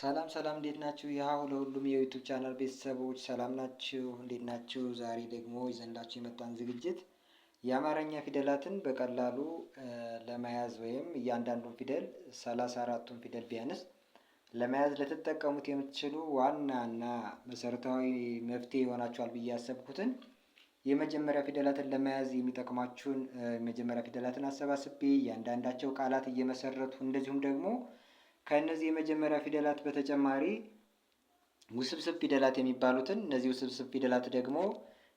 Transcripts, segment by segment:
ሰላም ሰላም እንዴት ናችሁ? ይኸው ለሁሉም የዩቱብ ቻናል ቤተሰቦች ሰላም ናችሁ? እንዴት ናችሁ? ዛሬ ደግሞ ይዘንላችሁ የመጣን ዝግጅት የአማርኛ ፊደላትን በቀላሉ ለመያዝ ወይም እያንዳንዱን ፊደል ሰላሳ አራቱን ፊደል ቢያንስ ለመያዝ ልትጠቀሙት የምትችሉ ዋና እና መሰረታዊ መፍትሄ ይሆናችኋል ብዬ ያሰብኩትን የመጀመሪያ ፊደላትን ለመያዝ የሚጠቅማችሁን የመጀመሪያ ፊደላትን አሰባስቤ እያንዳንዳቸው ቃላት እየመሰረቱ እንደዚሁም ደግሞ ከእነዚህ የመጀመሪያ ፊደላት በተጨማሪ ውስብስብ ፊደላት የሚባሉትን እነዚህ ውስብስብ ፊደላት ደግሞ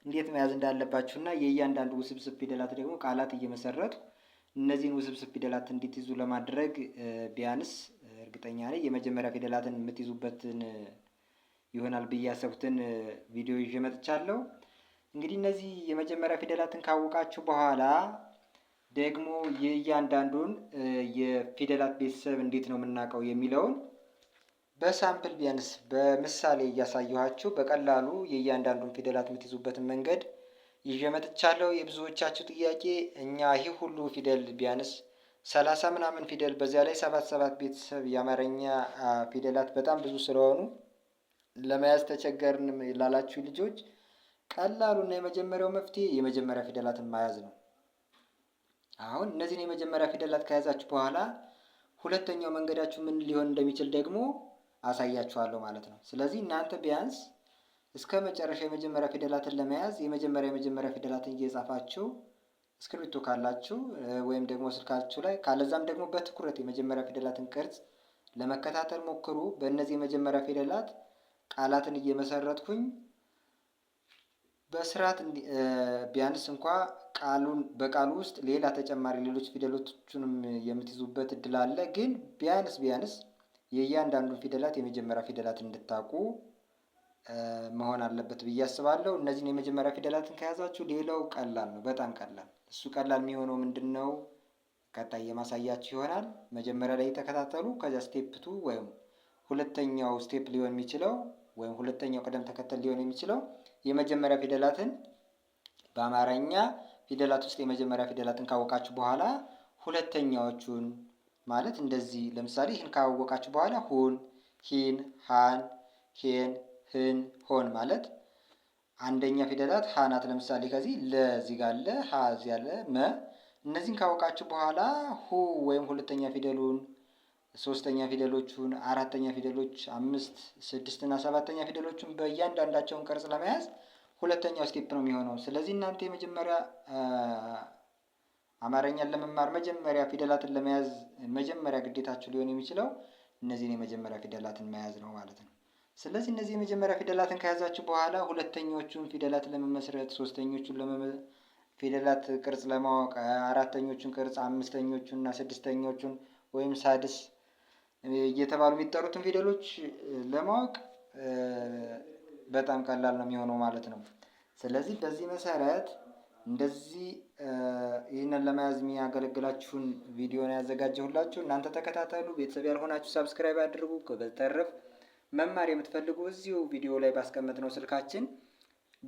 እንዴት መያዝ እንዳለባችሁና የእያንዳንዱ ውስብስብ ፊደላት ደግሞ ቃላት እየመሰረቱ እነዚህን ውስብስብ ፊደላት እንዲትይዙ ለማድረግ ቢያንስ እርግጠኛ ነኝ የመጀመሪያ ፊደላትን የምትይዙበትን ይሆናል ብዬ ያሰብኩትን ቪዲዮ ይዤ መጥቻለሁ። እንግዲህ እነዚህ የመጀመሪያ ፊደላትን ካወቃችሁ በኋላ ደግሞ የእያንዳንዱን የፊደላት ቤተሰብ እንዴት ነው የምናውቀው የሚለውን በሳምፕል ቢያንስ በምሳሌ እያሳየኋችሁ በቀላሉ የእያንዳንዱን ፊደላት የምትይዙበትን መንገድ ይዤ መጥቻለሁ። የብዙዎቻችሁ ጥያቄ እኛ ይህ ሁሉ ፊደል ቢያንስ ሰላሳ ምናምን ፊደል በዚያ ላይ ሰባት ሰባት ቤተሰብ የአማርኛ ፊደላት በጣም ብዙ ስለሆኑ ለመያዝ ተቸገርን ላላችሁ ልጆች ቀላሉና የመጀመሪያው መፍትሄ የመጀመሪያ ፊደላትን መያዝ ነው። አሁን እነዚህን የመጀመሪያ ፊደላት ከያዛችሁ በኋላ ሁለተኛው መንገዳችሁ ምን ሊሆን እንደሚችል ደግሞ አሳያችኋለሁ ማለት ነው። ስለዚህ እናንተ ቢያንስ እስከ መጨረሻ የመጀመሪያ ፊደላትን ለመያዝ የመጀመሪያ የመጀመሪያ ፊደላትን እየጻፋችሁ እስክሪብቶ ካላችሁ ወይም ደግሞ ስልካችሁ ላይ ካለዛም ደግሞ በትኩረት የመጀመሪያ ፊደላትን ቅርጽ ለመከታተል ሞክሩ። በእነዚህ የመጀመሪያ ፊደላት ቃላትን እየመሰረትኩኝ በስርዓት ቢያንስ እንኳ ቃሉን በቃሉ ውስጥ ሌላ ተጨማሪ ሌሎች ፊደሎቹንም የምትይዙበት እድል አለ። ግን ቢያንስ ቢያንስ የእያንዳንዱን ፊደላት የመጀመሪያ ፊደላት እንድታውቁ መሆን አለበት ብዬ አስባለሁ። እነዚህን የመጀመሪያ ፊደላትን ከያዛችሁ ሌላው ቀላል ነው፣ በጣም ቀላል። እሱ ቀላል የሚሆነው ምንድን ነው? ቀጣይ የማሳያችሁ ይሆናል። መጀመሪያ ላይ ተከታተሉ። ከዚያ ስቴፕቱ ወይም ሁለተኛው ስቴፕ ሊሆን የሚችለው ወይም ሁለተኛው ቅደም ተከተል ሊሆን የሚችለው የመጀመሪያ ፊደላትን በአማርኛ ፊደላት ውስጥ የመጀመሪያ ፊደላትን ካወቃችሁ በኋላ ሁለተኛዎቹን ማለት እንደዚህ ለምሳሌ ይህን ካወቃችሁ በኋላ ሁን፣ ሂን፣ ሃን፣ ሄን፣ ህን፣ ሆን ማለት አንደኛ ፊደላት ሃናት ለምሳሌ ከዚህ ለዚህ ጋር ለ ሀ እዚህ ያለ መ እነዚህን ካወቃችሁ በኋላ ሁ ወይም ሁለተኛ ፊደሉን ሶስተኛ ፊደሎቹን፣ አራተኛ ፊደሎች፣ አምስት፣ ስድስት እና ሰባተኛ ፊደሎቹን በእያንዳንዳቸውን ቅርጽ ለመያዝ ሁለተኛው ስቴፕ ነው የሚሆነው። ስለዚህ እናንተ የመጀመሪያ አማርኛን ለመማር መጀመሪያ ፊደላትን ለመያዝ መጀመሪያ ግዴታችሁ ሊሆን የሚችለው እነዚህን የመጀመሪያ ፊደላትን መያዝ ነው ማለት ነው። ስለዚህ እነዚህ የመጀመሪያ ፊደላትን ከያዛችሁ በኋላ ሁለተኞቹን ፊደላት ለመመስረት፣ ሶስተኞቹን ፊደላት ቅርጽ ለማወቅ፣ አራተኞቹን ቅርጽ፣ አምስተኞቹን እና ስድስተኞቹን ወይም ሳድስ እየተባሉ የሚጠሩትን ፊደሎች ለማወቅ በጣም ቀላል ነው የሚሆነው ማለት ነው። ስለዚህ በዚህ መሰረት እንደዚህ ይህንን ለመያዝ የሚያገለግላችሁን ቪዲዮ ነው ያዘጋጀሁላችሁ። እናንተ ተከታተሉ። ቤተሰብ ያልሆናችሁ ሰብስክራይብ አድርጉ። በተረፍ መማር የምትፈልጉ እዚሁ ቪዲዮ ላይ ባስቀመጥ ነው ስልካችን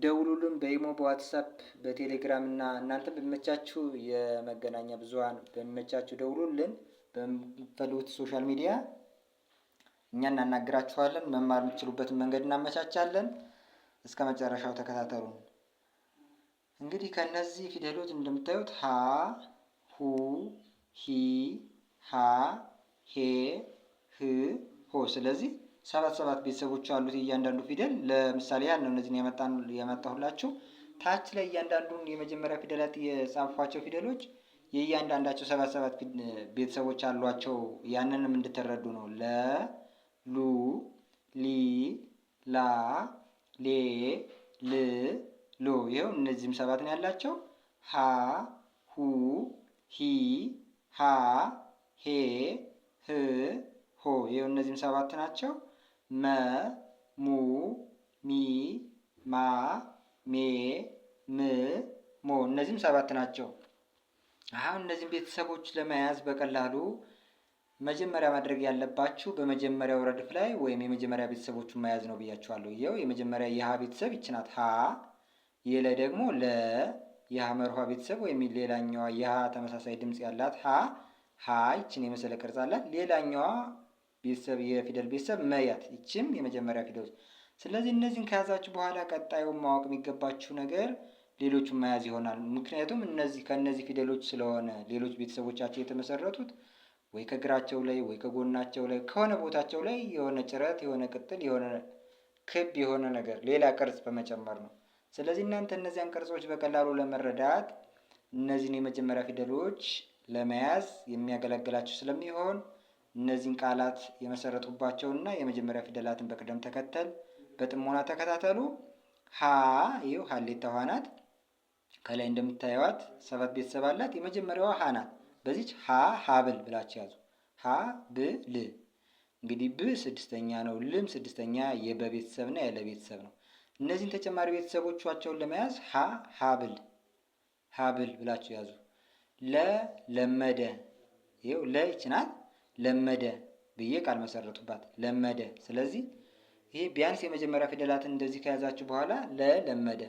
ደውሉልን። በኢሞ፣ በዋትሳፕ፣ በቴሌግራም እና እናንተ በሚመቻችሁ የመገናኛ ብዙሀን በሚመቻችሁ ደውሉልን። በምትፈልጉት ሶሻል ሚዲያ እኛ እናናግራችኋለን። መማር የምትችሉበትን መንገድ እናመቻቻለን። እስከ መጨረሻው ተከታተሉ። እንግዲህ ከእነዚህ ፊደሎች እንደምታዩት ሀ፣ ሁ፣ ሂ፣ ሃ፣ ሄ፣ ህ፣ ሆ። ስለዚህ ሰባት ሰባት ቤተሰቦች አሉት እያንዳንዱ ፊደል። ለምሳሌ ያን ነው እነዚህን ያመጣሁላችሁ። ታች ላይ እያንዳንዱን የመጀመሪያ ፊደላት የጻፏቸው ፊደሎች የእያንዳንዳቸው ሰባት ሰባት ቤተሰቦች አሏቸው። ያንንም እንድትረዱ ነው። ለ ሉ ሊ ላ ሌ ል ሎ ይኸው እነዚህም ሰባት ነው ያላቸው። ሀ ሁ ሂ ሃ ሄ ህ ሆ ይኸው እነዚህም ሰባት ናቸው። መ ሙ ሚ ማ ሜ ም ሞ እነዚህም ሰባት ናቸው። አሁን እነዚህን ቤተሰቦች ለመያዝ በቀላሉ መጀመሪያ ማድረግ ያለባችሁ በመጀመሪያው ረድፍ ላይ ወይም የመጀመሪያ ቤተሰቦቹን መያዝ ነው ብያችኋለሁ። ይኸው የመጀመሪያ የሀ ቤተሰብ ይችናት ሀ፣ የለ ደግሞ ለ፣ የሀ መርኋ ቤተሰብ ወይም ሌላኛዋ የሀ ተመሳሳይ ድምፅ ያላት ሀ ሀ ይችን የመሰለ ቅርጽ አላት። ሌላኛዋ ቤተሰብ የፊደል ቤተሰብ መያት ይችም የመጀመሪያ ፊደሎች። ስለዚህ እነዚህን ከያዛችሁ በኋላ ቀጣዩን ማወቅ የሚገባችሁ ነገር ሌሎቹን መያዝ ይሆናል። ምክንያቱም እነዚህ ከእነዚህ ፊደሎች ስለሆነ ሌሎች ቤተሰቦቻቸው የተመሰረቱት ወይ ከእግራቸው ላይ ወይ ከጎናቸው ላይ ከሆነ ቦታቸው ላይ የሆነ ጭረት፣ የሆነ ቅጥል፣ የሆነ ክብ የሆነ ነገር ሌላ ቅርጽ በመጨመር ነው። ስለዚህ እናንተ እነዚያን ቅርጾች በቀላሉ ለመረዳት እነዚህን የመጀመሪያ ፊደሎች ለመያዝ የሚያገለግላቸው ስለሚሆን እነዚህን ቃላት የመሰረቱባቸውና የመጀመሪያ ፊደላትን በቅደም ተከተል በጥሞና ተከታተሉ። ሀ ይኸው ሀሌታ ውሃ ናት። ከላይ እንደምታየዋት ሰባት ቤተሰብ አላት። የመጀመሪያዋ ሀ ናት። በዚች ሀ ሀብል ብላችሁ ያዙ። ሀ ብል እንግዲህ ብ ስድስተኛ ነው። ልም ስድስተኛ የበቤተሰብ እና የለ ቤተሰብ ነው። እነዚህን ተጨማሪ ቤተሰቦቿቸውን ለመያዝ ሀ ሀብል ሀብል ብላችሁ ያዙ። ለ ለመደ ይው ለ ይች ናት። ለመደ ብዬ ቃል መሰረቱባት ለመደ። ስለዚህ ይሄ ቢያንስ የመጀመሪያ ፊደላትን እንደዚህ ከያዛችሁ በኋላ ለ ለመደ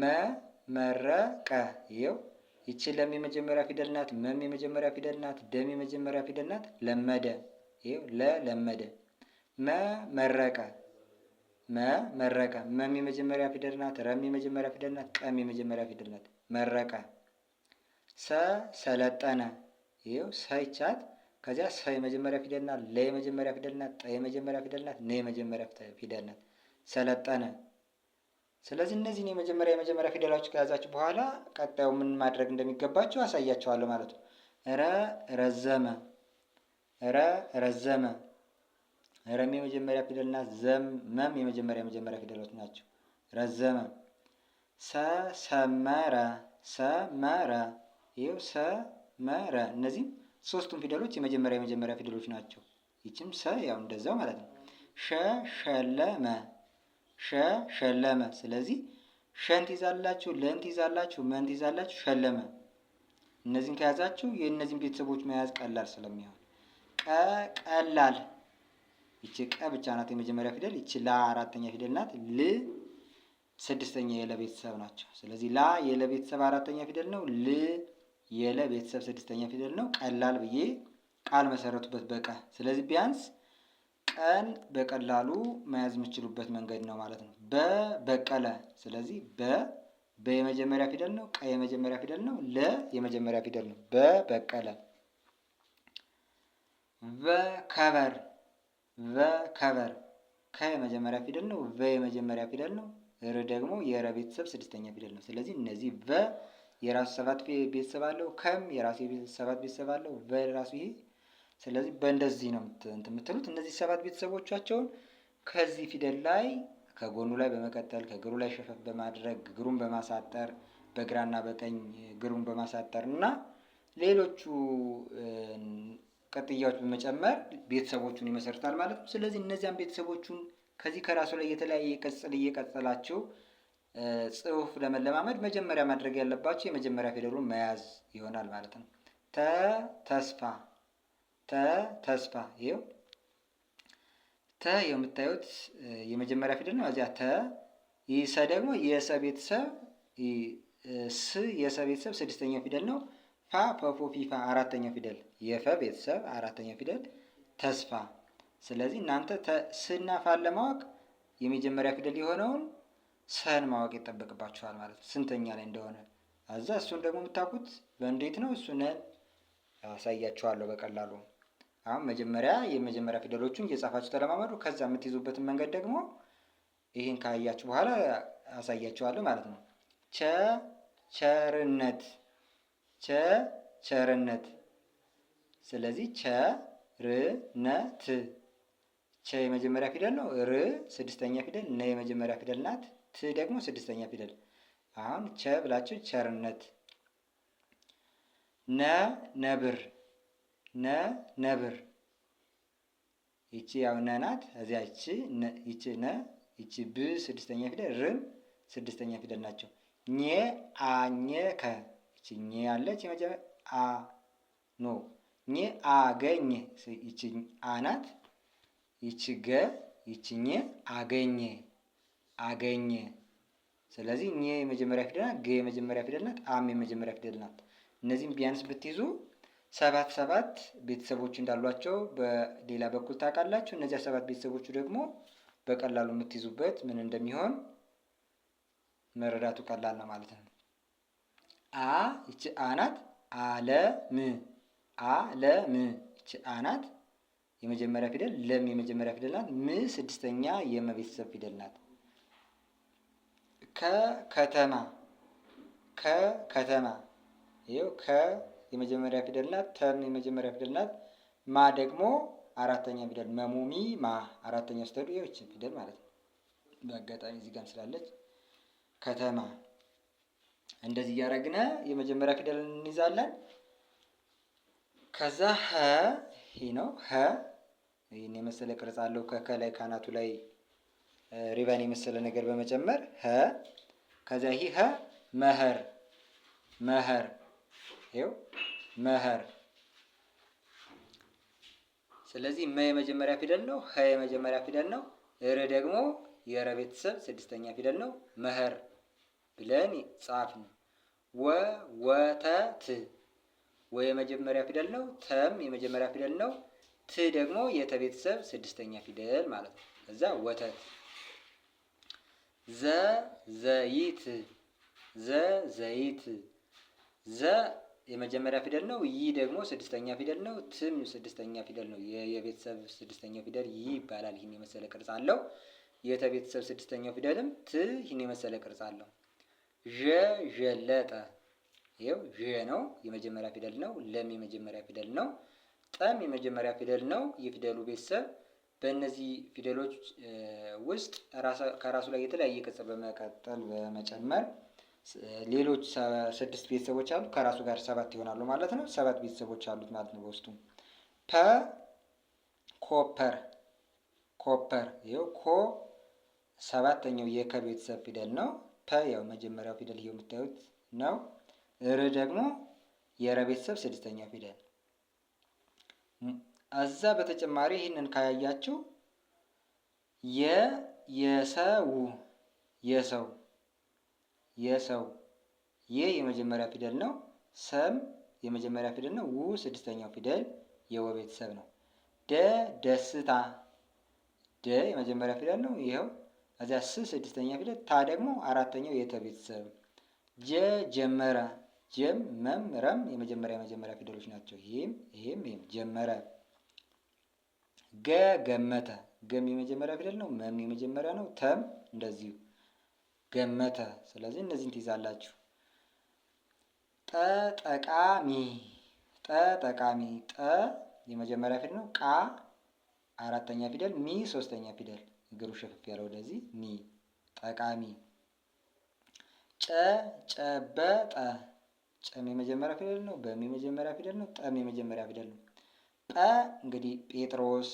መ መረቀ ይኸው ይቺ ለም የመጀመሪያ ፊደል ናት። መም የመጀመሪያ ፊደል ናት። ደም የመጀመሪያ ፊደል ናት። ለመደ ይኸው ለ ለመደ። መ መረቀ መ መረቀ መም የመጀመሪያ ፊደል ናት። ረም የመጀመሪያ ፊደል ናት። ቀም የመጀመሪያ ፊደል ናት። መረቀ ሰ ሰለጠነ ይኸው ሰ ይቻት ከዚያ ሰ የመጀመሪያ ፊደል ናት። ለ የመጀመሪያ ፊደል ናት። ጠ የመጀመሪያ ፊደል ናት። ነ የመጀመሪያ ፊደል ናት። ሰለጠነ ስለዚህ እነዚህን የመጀመሪያ የመጀመሪያ ፊደሎች ከያዛችሁ በኋላ ቀጣዩ ምን ማድረግ እንደሚገባችሁ አሳያችኋለሁ ማለት ነው። ረ ረዘመ፣ ረ ረዘመ። ረም የመጀመሪያ ፊደልና ዘም መም የመጀመሪያ የመጀመሪያ ፊደሎች ናቸው። ረዘመ። ሰ ሰመረ፣ ሰመረ። ይኸው ሰመረ። እነዚህም ሶስቱም ፊደሎች የመጀመሪያ የመጀመሪያ ፊደሎች ናቸው። ይችም ሰ ያው እንደዛው ማለት ነው። ሸ ሸለመ ሸ ሸለመ። ስለዚህ ሸን ትይዛላችሁ፣ ለን ትይዛላችሁ፣ መን ትይዛላችሁ፣ ሸለመ። እነዚህን ከያዛችሁ የእነዚህን ቤተሰቦች መያዝ ቀላል ስለሚሆን ቀ ቀላል። ይቺ ቀ ብቻ ናት የመጀመሪያ ፊደል። ይቺ ላ አራተኛ ፊደል ናት። ል ስድስተኛ የለ ቤተሰብ ናቸው። ስለዚህ ላ የለ ቤተሰብ አራተኛ ፊደል ነው። ል የለ ቤተሰብ ስድስተኛ ፊደል ነው። ቀላል ብዬ ቃል መሰረቱበት በቀ። ስለዚህ ቢያንስ ቀን በቀላሉ መያዝ የምችሉበት መንገድ ነው ማለት ነው። በ በቀለ። ስለዚህ በ በ የመጀመሪያ ፊደል ነው። ቀ የመጀመሪያ ፊደል ነው። ለ የመጀመሪያ ፊደል ነው። በ በቀለ። በከበር በከበር ከ የመጀመሪያ ፊደል ነው። በ የመጀመሪያ ፊደል ነው። ር ደግሞ የረ ቤተሰብ ስድስተኛ ፊደል ነው። ስለዚህ እነዚህ በ የራሱ ሰባት ቤተሰብ አለው። ከም የራሱ ሰባት ቤተሰብ አለው። በ ራሱ ይሄ ስለዚህ በእንደዚህ ነው የምትሉት። እነዚህ ሰባት ቤተሰቦቻቸውን ከዚህ ፊደል ላይ ከጎኑ ላይ በመቀጠል ከእግሩ ላይ ሸፈፍ በማድረግ እግሩን በማሳጠር በግራና በቀኝ ግሩን በማሳጠር እና ሌሎቹ ቅጥያዎች በመጨመር ቤተሰቦቹን ይመሰርታል ማለት ነው። ስለዚህ እነዚያን ቤተሰቦቹን ከዚህ ከራሱ ላይ የተለያየ ቅጽል እየቀጠላቸው ጽሑፍ ለመለማመድ መጀመሪያ ማድረግ ያለባቸው የመጀመሪያ ፊደሉን መያዝ ይሆናል ማለት ነው። ተ ተስፋ ተ ተስፋ ይኸው ተ የምታዩት የመጀመሪያ ፊደል ነው። እዚያ ተ ይሰ ደግሞ የሰ ቤተሰብ ስ የሰ ቤተሰብ ስድስተኛው ፊደል ነው። ፋ ፈፎ ፊፋ አራተኛው ፊደል የፈ ቤተሰብ አራተኛው ፊደል ተስፋ። ስለዚህ እናንተ ስና ፋን ለማወቅ የመጀመሪያ ፊደል የሆነውን ሰን ማወቅ ይጠበቅባችኋል ማለት ነው፣ ስንተኛ ላይ እንደሆነ እዛ እሱን ደግሞ የምታውቁት በእንዴት ነው እሱን አሳያችኋለሁ በቀላሉ አሁን መጀመሪያ የመጀመሪያ ፊደሎቹን እየጻፋችሁ ተለማመዱ። ከዛ የምትይዙበትን መንገድ ደግሞ ይህን ካያችሁ በኋላ አሳያችኋለሁ ማለት ነው። ቸ ቸርነት፣ ቸ ቸርነት። ስለዚህ ቸ ር ነ ት ቸ የመጀመሪያ ፊደል ነው። ር ስድስተኛ ፊደል፣ ነ የመጀመሪያ ፊደል ናት። ት ደግሞ ስድስተኛ ፊደል። አሁን ቸ ብላችሁ ቸርነት። ነ ነብር ነ ነብር ይቺ ያው ነ ናት። እዚያ ይቺ ነ ይቺ ብ ስድስተኛ ፊደል ርም ስድስተኛ ፊደል ናቸው። ኘ አኘ ከ ይቺ ኘ ያለች የመጀመሪያ አ ኖ ኘ አገኘ ይቺ አ ናት። ይቺ ገ ይቺ ኘ አገኘ አገኘ። ስለዚህ ኘ የመጀመሪያ ፊደል ናት። ገ የመጀመሪያ ፊደል ናት። አም የመጀመሪያ ፊደል ናት። እነዚህም ቢያንስ ብትይዙ ሰባት ሰባት ቤተሰቦች እንዳሏቸው በሌላ በኩል ታውቃላችሁ። እነዚያ ሰባት ቤተሰቦቹ ደግሞ በቀላሉ የምትይዙበት ምን እንደሚሆን መረዳቱ ቀላል ነው ማለት ነው። አ ይቺ አናት አለም አለም ይቺ አናት የመጀመሪያ ፊደል ለም የመጀመሪያ ፊደል ናት። ም ስድስተኛ የመቤተሰብ ፊደል ናት። ከከተማ ከከተማ ይኸው ከ የመጀመሪያ ፊደል ናት። ተን የመጀመሪያ ፊደል ናት። ማ ደግሞ አራተኛ ፊደል መሙሚ ማ አራተኛ ስትሄዱ ይችን ፊደል ማለት ነው። በአጋጣሚ እዚህ ጋር ስላለች ከተማ እንደዚህ እያደረግነ የመጀመሪያ ፊደል እንይዛለን። ከዛ ሀ ሂ ነው ሀ ይህን የመሰለ ቅርጽ አለው። ከከላይ ካናቱ ላይ ሪባን የመሰለ ነገር በመጨመር ሀ ከዛ ሂ ሀ መኸር መኸር ይኸው መኸር። ስለዚህ መ የመጀመሪያ ፊደል ነው። ኸ የመጀመሪያ ፊደል ነው። ር ደግሞ የረ ቤተሰብ ስድስተኛ ፊደል ነው። መኸር ብለን ጻፍን። ወ ወተት ወ የመጀመሪያ ፊደል ነው። ተም የመጀመሪያ ፊደል ነው። ት ደግሞ የተ ቤተሰብ ስድስተኛ ፊደል ማለት ነው። እዛ ወተት። ዘ ዘይት ዘ ዘይት ዘ የመጀመሪያ ፊደል ነው። ይ ደግሞ ስድስተኛ ፊደል ነው። ትም ስድስተኛ ፊደል ነው። የቤተሰብ ስድስተኛው ፊደል ይ ይባላል። ይህን የመሰለ ቅርጽ አለው። የተቤተሰብ ስድስተኛው ፊደልም ት ይህን የመሰለ ቅርጽ አለው። ዠ ዠለጠ ይኸው ዠ ነው፣ የመጀመሪያ ፊደል ነው። ለም የመጀመሪያ ፊደል ነው። ጠም የመጀመሪያ ፊደል ነው። የፊደሉ ቤተሰብ በእነዚህ ፊደሎች ውስጥ ከራሱ ላይ የተለያየ ቅጽ በመቀጠል በመጨመር ሌሎች ስድስት ቤተሰቦች አሉ ከራሱ ጋር ሰባት ይሆናሉ ማለት ነው። ሰባት ቤተሰቦች አሉት ማለት ነው በውስጡ ፐ ኮፐር ኮፐር ይኸው ኮ ሰባተኛው የከ ቤተሰብ ፊደል ነው። ፐ ያው መጀመሪያው ፊደል ይሄው የምታዩት ነው። ር ደግሞ የረ ቤተሰብ ስድስተኛው ፊደል እዛ በተጨማሪ ይህንን ካያያችሁ የ የሰው የሰው የሰው የ የመጀመሪያ ፊደል ነው። ሰም የመጀመሪያ ፊደል ነው። ው ስድስተኛው ፊደል የወ ቤተሰብ ነው። ደ ደስታ ደ የመጀመሪያ ፊደል ነው። ይኸው እዚያ ስ ስድስተኛ ፊደል፣ ታ ደግሞ አራተኛው የተ ቤተሰብ ጀ ጀመረ ጀም መም ረም የመጀመሪያ የመጀመሪያ ፊደሎች ናቸው። ይህም ይህም ይህም ጀመረ። ገ ገመተ ገም የመጀመሪያ ፊደል ነው። መም የመጀመሪያ ነው። ተም እንደዚሁ ገመተ። ስለዚህ እነዚህን ትይዛላችሁ። ጠ ጠቃሚ ጠ ጠቃሚ ጠ የመጀመሪያ ፊደል ነው። ቃ አራተኛ ፊደል፣ ሚ ሶስተኛ ፊደል። እግሩ ሸፍፍ ያለ ወደዚህ ሚ ጠቃሚ። ጨ ጨበጠ ጨም የመጀመሪያ ፊደል ነው። በም የመጀመሪያ ፊደል ነው። ጠም የመጀመሪያ ፊደል ነው። ጠ እንግዲህ ጴጥሮስ፣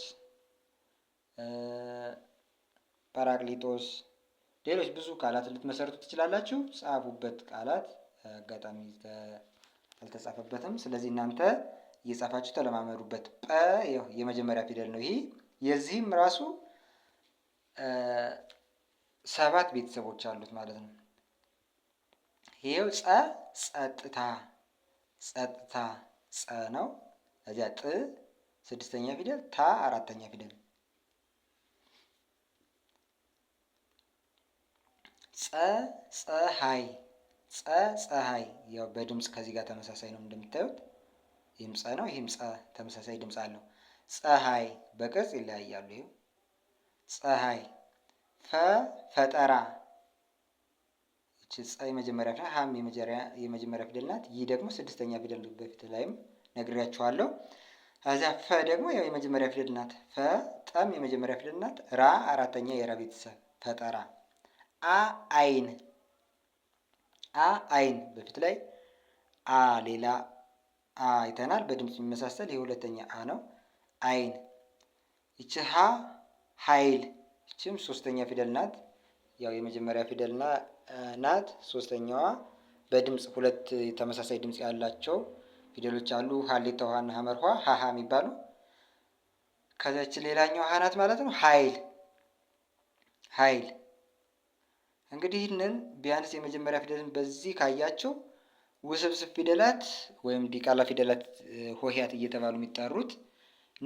ጰራቅሊጦስ ሌሎች ብዙ ቃላት ልትመሰርቱ ትችላላችሁ። ጻፉበት ቃላት አጋጣሚ አልተጻፈበትም። ስለዚህ እናንተ እየጻፋችሁ ተለማመዱበት። ጰ የመጀመሪያ ፊደል ነው። ይሄ የዚህም ራሱ ሰባት ቤተሰቦች አሉት ማለት ነው። ይሄው ጸ ጸጥታ ጸጥታ ጸ ነው። እዚያ ጥ ስድስተኛ ፊደል ታ አራተኛ ፊደል ጸ ፀሐይ ጸ ፀሐይ ያው በድምፅ ከዚህ ጋር ተመሳሳይ ነው እንደምታዩት። ይህም ፀ ነው፣ ይህም ፀ ተመሳሳይ ድምፅ አለው። ፀሐይ በቅርጽ ይለያያሉ። ይኸው ፀሐይ ፈ ፈጠራ እቺ ፀ የመጀመሪያ ፊደል ሀም የመጀመሪያ ፊደል ናት። ይህ ደግሞ ስድስተኛ ፊደል በፊት ላይም ነግሬያቸዋለሁ። ከዚያ ፈ ደግሞ ያው የመጀመሪያ ፊደል ናት። ፈ ጠም የመጀመሪያ ፊደል ናት። ራ አራተኛ የራ ቤተሰብ ፈጠራ አ አይን አ አይን በፊት ላይ አ ሌላ አ አይተናል። በድምፅ የሚመሳሰል የሁለተኛ አ ነው። አይን ይቺ ሀ ሀይል ይችም ሶስተኛ ፊደል ናት። ያው የመጀመሪያ ፊደል ናት። ሶስተኛዋ በድምፅ ሁለት ተመሳሳይ ድምፅ ያላቸው ፊደሎች አሉ። ሀሌታ ውሃና ሀመርኋ ሀሀ የሚባሉ ከዚች ሌላኛው ሀናት ናት ማለት ነው። ሀይል ሀይል እንግዲህ ይህንን ቢያንስ የመጀመሪያ ፊደልን በዚህ ካያቸው ውስብስብ ፊደላት ወይም ዲቃላ ፊደላት ሆሄያት እየተባሉ የሚጠሩት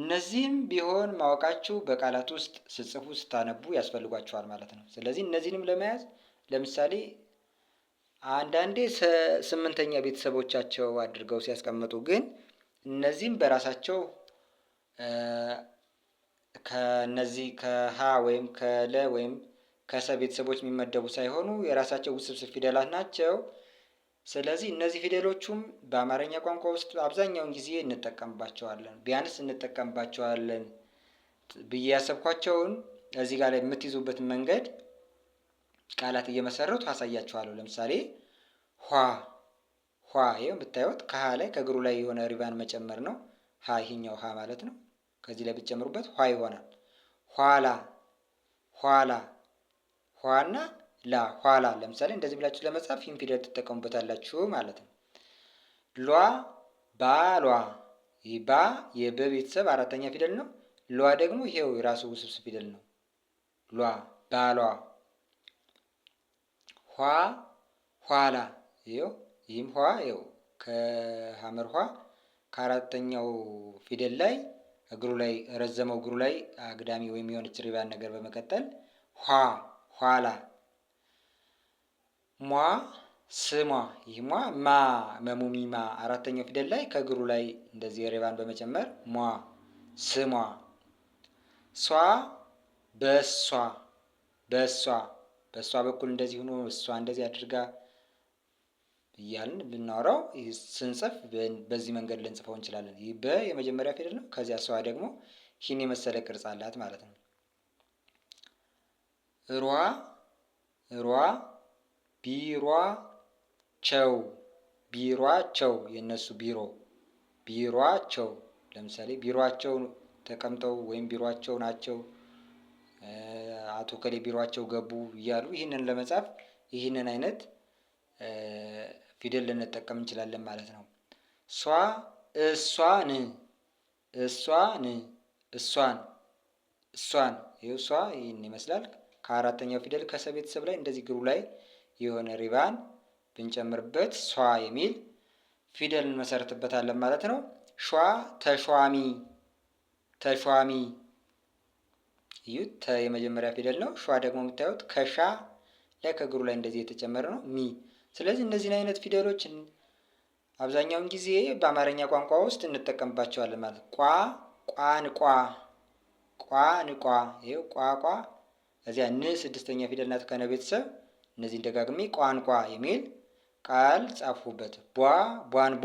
እነዚህም ቢሆን ማወቃችሁ በቃላት ውስጥ ስጽፉ ስታነቡ ያስፈልጓችኋል ማለት ነው። ስለዚህ እነዚህንም ለመያዝ ለምሳሌ አንዳንዴ ስምንተኛ ቤተሰቦቻቸው አድርገው ሲያስቀምጡ ግን እነዚህም በራሳቸው ከነዚህ ከሀ ወይም ከለ ወይም ከሰ ቤተሰቦች የሚመደቡ ሳይሆኑ የራሳቸው ውስብስብ ፊደላት ናቸው። ስለዚህ እነዚህ ፊደሎቹም በአማርኛ ቋንቋ ውስጥ አብዛኛውን ጊዜ እንጠቀምባቸዋለን፣ ቢያንስ እንጠቀምባቸዋለን ብዬ ያሰብኳቸውን እዚህ ጋር ላይ የምትይዙበት መንገድ ቃላት እየመሰረቱ አሳያችኋለሁ። ለምሳሌ ኋ ኋ፣ ይኸው የምታዩት ከሀ ላይ ከእግሩ ላይ የሆነ ሪባን መጨመር ነው። ሀ ይሄኛው ሀ ማለት ነው። ከዚህ ላይ ብትጨምሩበት ኋ ይሆናል። ኋላ ኋላ ኋና ላ ኋላ። ለምሳሌ እንደዚህ ብላችሁ ለመጻፍ ይህን ፊደል ትጠቀሙበታላችሁ ማለት ነው። ሏ ባሏ ባ የበ ቤተሰብ አራተኛ ፊደል ነው። ሏ ደግሞ ይሄው የራሱ ውስብስብ ፊደል ነው። ሏ ባሏ። ኋ ኋላ ይኸው ይህም ኋ ይኸው ከሐመር ኋ ከአራተኛው ፊደል ላይ እግሩ ላይ ረዘመው እግሩ ላይ አግዳሚ ወይም የሆነች ሪባን ነገር በመቀጠል ኋ ኋላ ሟ ስሟ ይህ ሟ ማ መሙሚማ አራተኛው ፊደል ላይ ከእግሩ ላይ እንደዚህ ሬባን በመጨመር ሟ ስሟ ሷ በሷ በሷ በሷ በኩል እንደዚህ ሆኖ እሷ እንደዚህ አድርጋ እያልን ብናወራው ስንጽፍ በዚህ መንገድ ልንጽፈው እንችላለን። ይህ በ የመጀመሪያ ፊደል ነው። ከዚያ ሷ ደግሞ ይህን የመሰለ ቅርጽ አላት ማለት ነው። ሯ ሯ ቢሯቸው ቢሯቸው የእነሱ ቢሮ ቢሯቸው ለምሳሌ ቢሯቸው ተቀምጠው ወይም ቢሯቸው ናቸው አቶ ከሌ ቢሯቸው ገቡ እያሉ ይህንን ለመጻፍ ይህንን አይነት ፊደል ልንጠቀም እንችላለን ማለት ነው። ሷ እሷን እሷን እሷን እሷን ይኸው ሷ ይህን ይመስላል። ከአራተኛው ፊደል ከሰ ቤተሰብ ላይ እንደዚህ ግሩ ላይ የሆነ ሪባን ብንጨምርበት ሷ የሚል ፊደል እንመሰርትበታለን ማለት ነው። ሿ ተሿሚ ተሿሚ እዩት። ተ የመጀመሪያ ፊደል ነው። ሿ ደግሞ የምታዩት ከሻ ላይ ከእግሩ ላይ እንደዚህ የተጨመረ ነው ሚ። ስለዚህ እነዚህን አይነት ፊደሎች አብዛኛውን ጊዜ በአማርኛ ቋንቋ ውስጥ እንጠቀምባቸዋለን ማለት ቋ ቋንቋ ቋንቋ ይኸው ቋቋ ከዚያ ን ስድስተኛ ፊደል ናት ከነ ቤተሰብ እነዚህን ደጋግሚ ቋንቋ የሚል ቃል ጻፉበት። ቧ ቧንቧ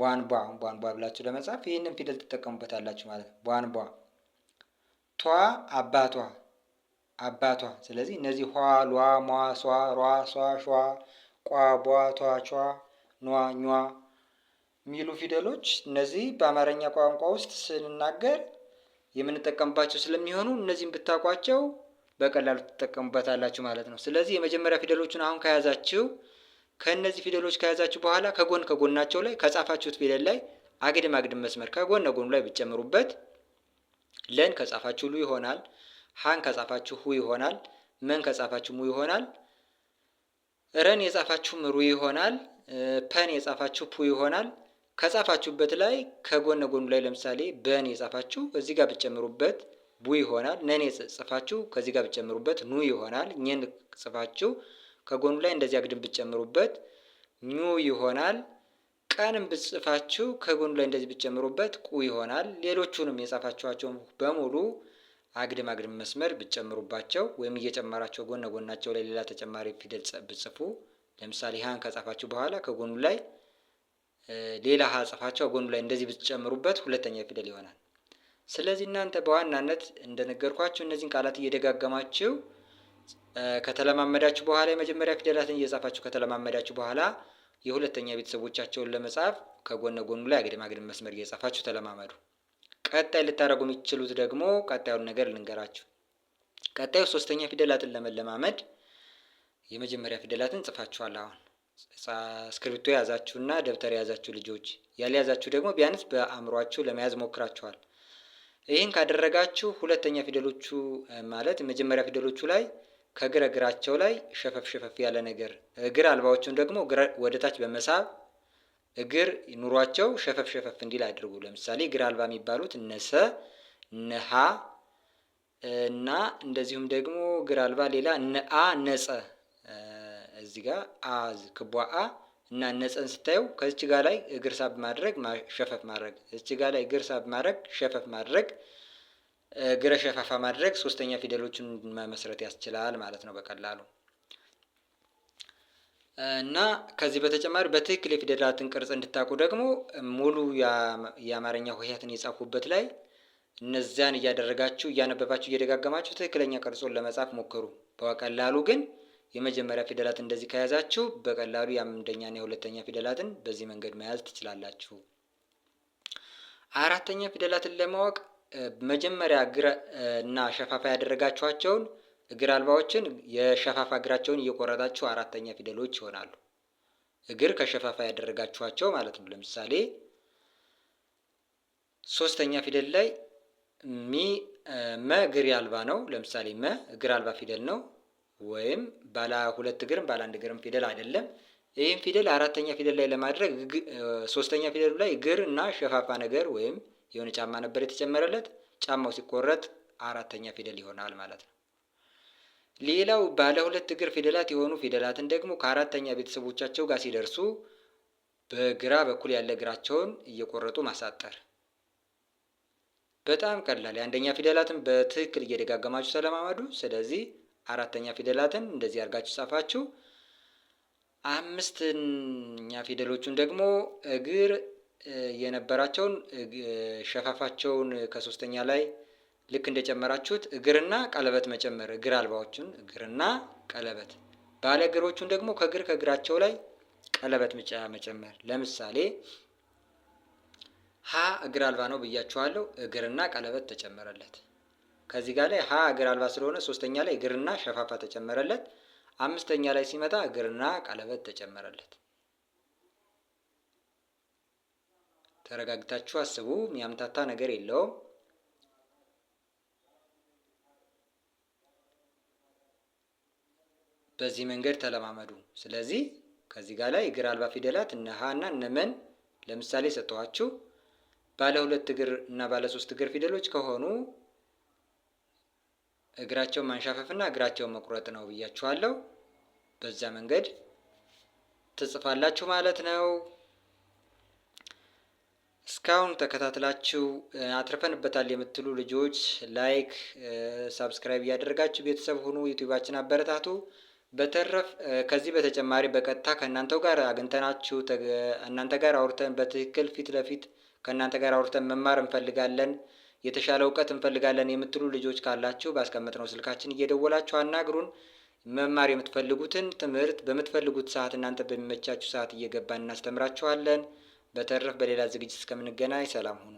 ቧንቧ ቧንቧ ብላችሁ ለመጻፍ ይህንን ፊደል ትጠቀሙበታላችሁ ማለት ነው። ቧንቧ ቷ አባቷ አባቷ። ስለዚህ እነዚህ ሏ ሏ፣ ሟ፣ ሷ፣ ሯ፣ ሷ፣ ሿ፣ ቋ፣ ቧ፣ ቷ፣ ቿ፣ ኗ፣ ኟ የሚሉ ፊደሎች እነዚህ በአማርኛ ቋንቋ ውስጥ ስንናገር የምንጠቀምባቸው ስለሚሆኑ እነዚህን ብታውቋቸው በቀላሉ ትጠቀሙበታላችሁ ማለት ነው። ስለዚህ የመጀመሪያ ፊደሎቹን አሁን ከያዛችሁ ከእነዚህ ፊደሎች ከያዛችሁ በኋላ ከጎን ከጎናቸው ላይ ከጻፋችሁት ፊደል ላይ አግድም አግድም መስመር ከጎን ጎኑ ላይ ብትጨምሩበት ለን ከጻፋችሁ ሉ ይሆናል። ሃን ከጻፋችሁ ሁ ይሆናል። መን ከጻፋችሁ ሙ ይሆናል። ረን የጻፋችሁ ምሩ ይሆናል። ፐን የጻፋችሁ ፑ ይሆናል። ከጻፋችሁበት ላይ ከጎነ ጎኑ ላይ ለምሳሌ በን የጻፋችሁ እዚህ ጋር ብትጨምሩበት ቡ ይሆናል። ነን ጽፋችሁ ከዚህ ጋር ብትጨምሩበት ኑ ይሆናል። ኘን ጽፋችሁ ከጎኑ ላይ እንደዚህ አግድም ብትጨምሩበት ኙ ይሆናል። ቀንም ብጽፋችሁ ከጎኑ ላይ እንደዚህ ብትጨምሩበት ቁ ይሆናል። ሌሎቹንም የጻፋችኋቸውን በሙሉ አግድም አግድም መስመር ብትጨምሩባቸው ወይም እየጨመራቸው ጎነ ጎናቸው ላይ ሌላ ተጨማሪ ፊደል ብትጽፉ ለምሳሌ ሀን ከጻፋችሁ በኋላ ከጎኑ ላይ ሌላ ጽፋቸው ጎኑ ላይ እንደዚህ ብትጨምሩበት ሁለተኛ ፊደል ይሆናል። ስለዚህ እናንተ በዋናነት እንደነገርኳችሁ እነዚህን ቃላት እየደጋገማችሁ ከተለማመዳችሁ በኋላ የመጀመሪያ ፊደላትን እየጻፋችሁ ከተለማመዳችሁ በኋላ የሁለተኛ ቤተሰቦቻቸውን ለመጻፍ ከጎነ ጎኑ ላይ አግድም አግድም መስመር እየጻፋችሁ ተለማመዱ። ቀጣይ ልታደርጉ የሚችሉት ደግሞ ቀጣዩን ነገር ልንገራችሁ። ቀጣዩ ሶስተኛ ፊደላትን ለመለማመድ የመጀመሪያ ፊደላትን ጽፋችኋል አሁን እስክሪብቶ የያዛችሁና ደብተር የያዛችሁ ልጆች፣ ያልያዛችሁ ደግሞ ቢያንስ በአእምሯችሁ ለመያዝ ሞክራችኋል። ይህን ካደረጋችሁ ሁለተኛ ፊደሎቹ ማለት መጀመሪያ ፊደሎቹ ላይ ከግር እግራቸው ላይ ሸፈፍ ሸፈፍ ያለ ነገር እግር አልባዎቹን ደግሞ ወደታች በመሳብ እግር ኑሯቸው ሸፈፍ ሸፈፍ እንዲል አድርጉ። ለምሳሌ እግር አልባ የሚባሉት ነሰ፣ ነሃ እና እንደዚሁም ደግሞ እግር አልባ ሌላ ነአ፣ ነጸ እዚህ ጋር አዝ ክቧ አ እና ነፀን ስታዩ ከዚች ጋር ላይ እግር ሳብ ማድረግ ሸፈፍ ማድረግ እዚች ጋር ላይ እግር ሳብ ማድረግ ሸፈፍ ማድረግ እግረ ሸፋፋ ማድረግ ሶስተኛ ፊደሎችን መመስረት ያስችላል ማለት ነው በቀላሉ። እና ከዚህ በተጨማሪ በትክክል የፊደላትን ቅርጽ እንድታውቁ ደግሞ ሙሉ የአማርኛ ሆሄያትን የጻፉበት ላይ እነዚያን እያደረጋችሁ እያነበባችሁ እየደጋገማችሁ ትክክለኛ ቅርጾን ለመጻፍ ሞክሩ። በቀላሉ ግን የመጀመሪያ ፊደላት እንደዚህ ከያዛችሁ በቀላሉ የአንደኛና የሁለተኛ ፊደላትን በዚህ መንገድ መያዝ ትችላላችሁ። አራተኛ ፊደላትን ለማወቅ መጀመሪያ እግር እና ሸፋፋ ያደረጋችኋቸውን እግር አልባዎችን የሸፋፋ እግራቸውን እየቆረጣችሁ አራተኛ ፊደሎች ይሆናሉ። እግር ከሸፋፋ ያደረጋችኋቸው ማለት ነው። ለምሳሌ ሶስተኛ ፊደል ላይ ሚ መ እግር አልባ ነው። ለምሳሌ መ እግር አልባ ፊደል ነው። ወይም ባለ ሁለት እግርም ባለ አንድ እግርም ፊደል አይደለም። ይህም ፊደል አራተኛ ፊደል ላይ ለማድረግ ሶስተኛ ፊደሉ ላይ እግር እና ሸፋፋ ነገር ወይም የሆነ ጫማ ነበር የተጨመረለት። ጫማው ሲቆረጥ አራተኛ ፊደል ይሆናል ማለት ነው። ሌላው ባለ ሁለት እግር ፊደላት የሆኑ ፊደላትን ደግሞ ከአራተኛ ቤተሰቦቻቸው ጋር ሲደርሱ በግራ በኩል ያለ እግራቸውን እየቆረጡ ማሳጠር። በጣም ቀላል የአንደኛ ፊደላትን በትክክል እየደጋገማችሁ ተለማመዱ። ስለዚህ አራተኛ ፊደላትን እንደዚህ አድርጋችሁ ጻፋችሁ። አምስተኛ ፊደሎቹን ደግሞ እግር የነበራቸውን ሸፋፋቸውን ከሶስተኛ ላይ ልክ እንደጨመራችሁት እግርና ቀለበት መጨመር እግር አልባዎቹን እግርና ቀለበት ባለ እግሮቹን ደግሞ ከእግር ከእግራቸው ላይ ቀለበት መጨመር። ለምሳሌ ሀ እግር አልባ ነው ብያችኋለሁ። እግርና ቀለበት ተጨመረለት። ከዚህ ጋር ላይ ሀ እግር አልባ ስለሆነ ሶስተኛ ላይ እግርና ሸፋፋ ተጨመረለት። አምስተኛ ላይ ሲመጣ እግርና ቀለበት ተጨመረለት። ተረጋግታችሁ አስቡ። የሚያምታታ ነገር የለውም። በዚህ መንገድ ተለማመዱ። ስለዚህ ከዚህ ጋር ላይ እግር አልባ ፊደላት እነ ሀ እና እነ መን ለምሳሌ ሰጠኋችሁ። ባለ ሁለት እግር እና ባለ ሶስት እግር ፊደሎች ከሆኑ እግራቸውን ማንሻፈፍና እግራቸውን መቁረጥ ነው ብያችኋለሁ። በዛ መንገድ ትጽፋላችሁ ማለት ነው። እስካሁን ተከታትላችሁ አትርፈንበታል የምትሉ ልጆች ላይክ፣ ሳብስክራይብ እያደረጋችሁ ቤተሰብ ሁኑ። ዩቲዩባችን አበረታቱ። በተረፍ ከዚህ በተጨማሪ በቀጥታ ከእናንተው ጋር አግኝተናችሁ እናንተ ጋር አውርተን በትክክል ፊት ለፊት ከእናንተ ጋር አውርተን መማር እንፈልጋለን። የተሻለ እውቀት እንፈልጋለን የምትሉ ልጆች ካላችሁ ባስቀመጥነው ስልካችን እየደወላችሁ አናግሩን። መማር የምትፈልጉትን ትምህርት በምትፈልጉት ሰዓት እናንተ በሚመቻችሁ ሰዓት እየገባን እናስተምራችኋለን። በተረፍ በሌላ ዝግጅት እስከምንገናኝ ሰላም ሁኑ።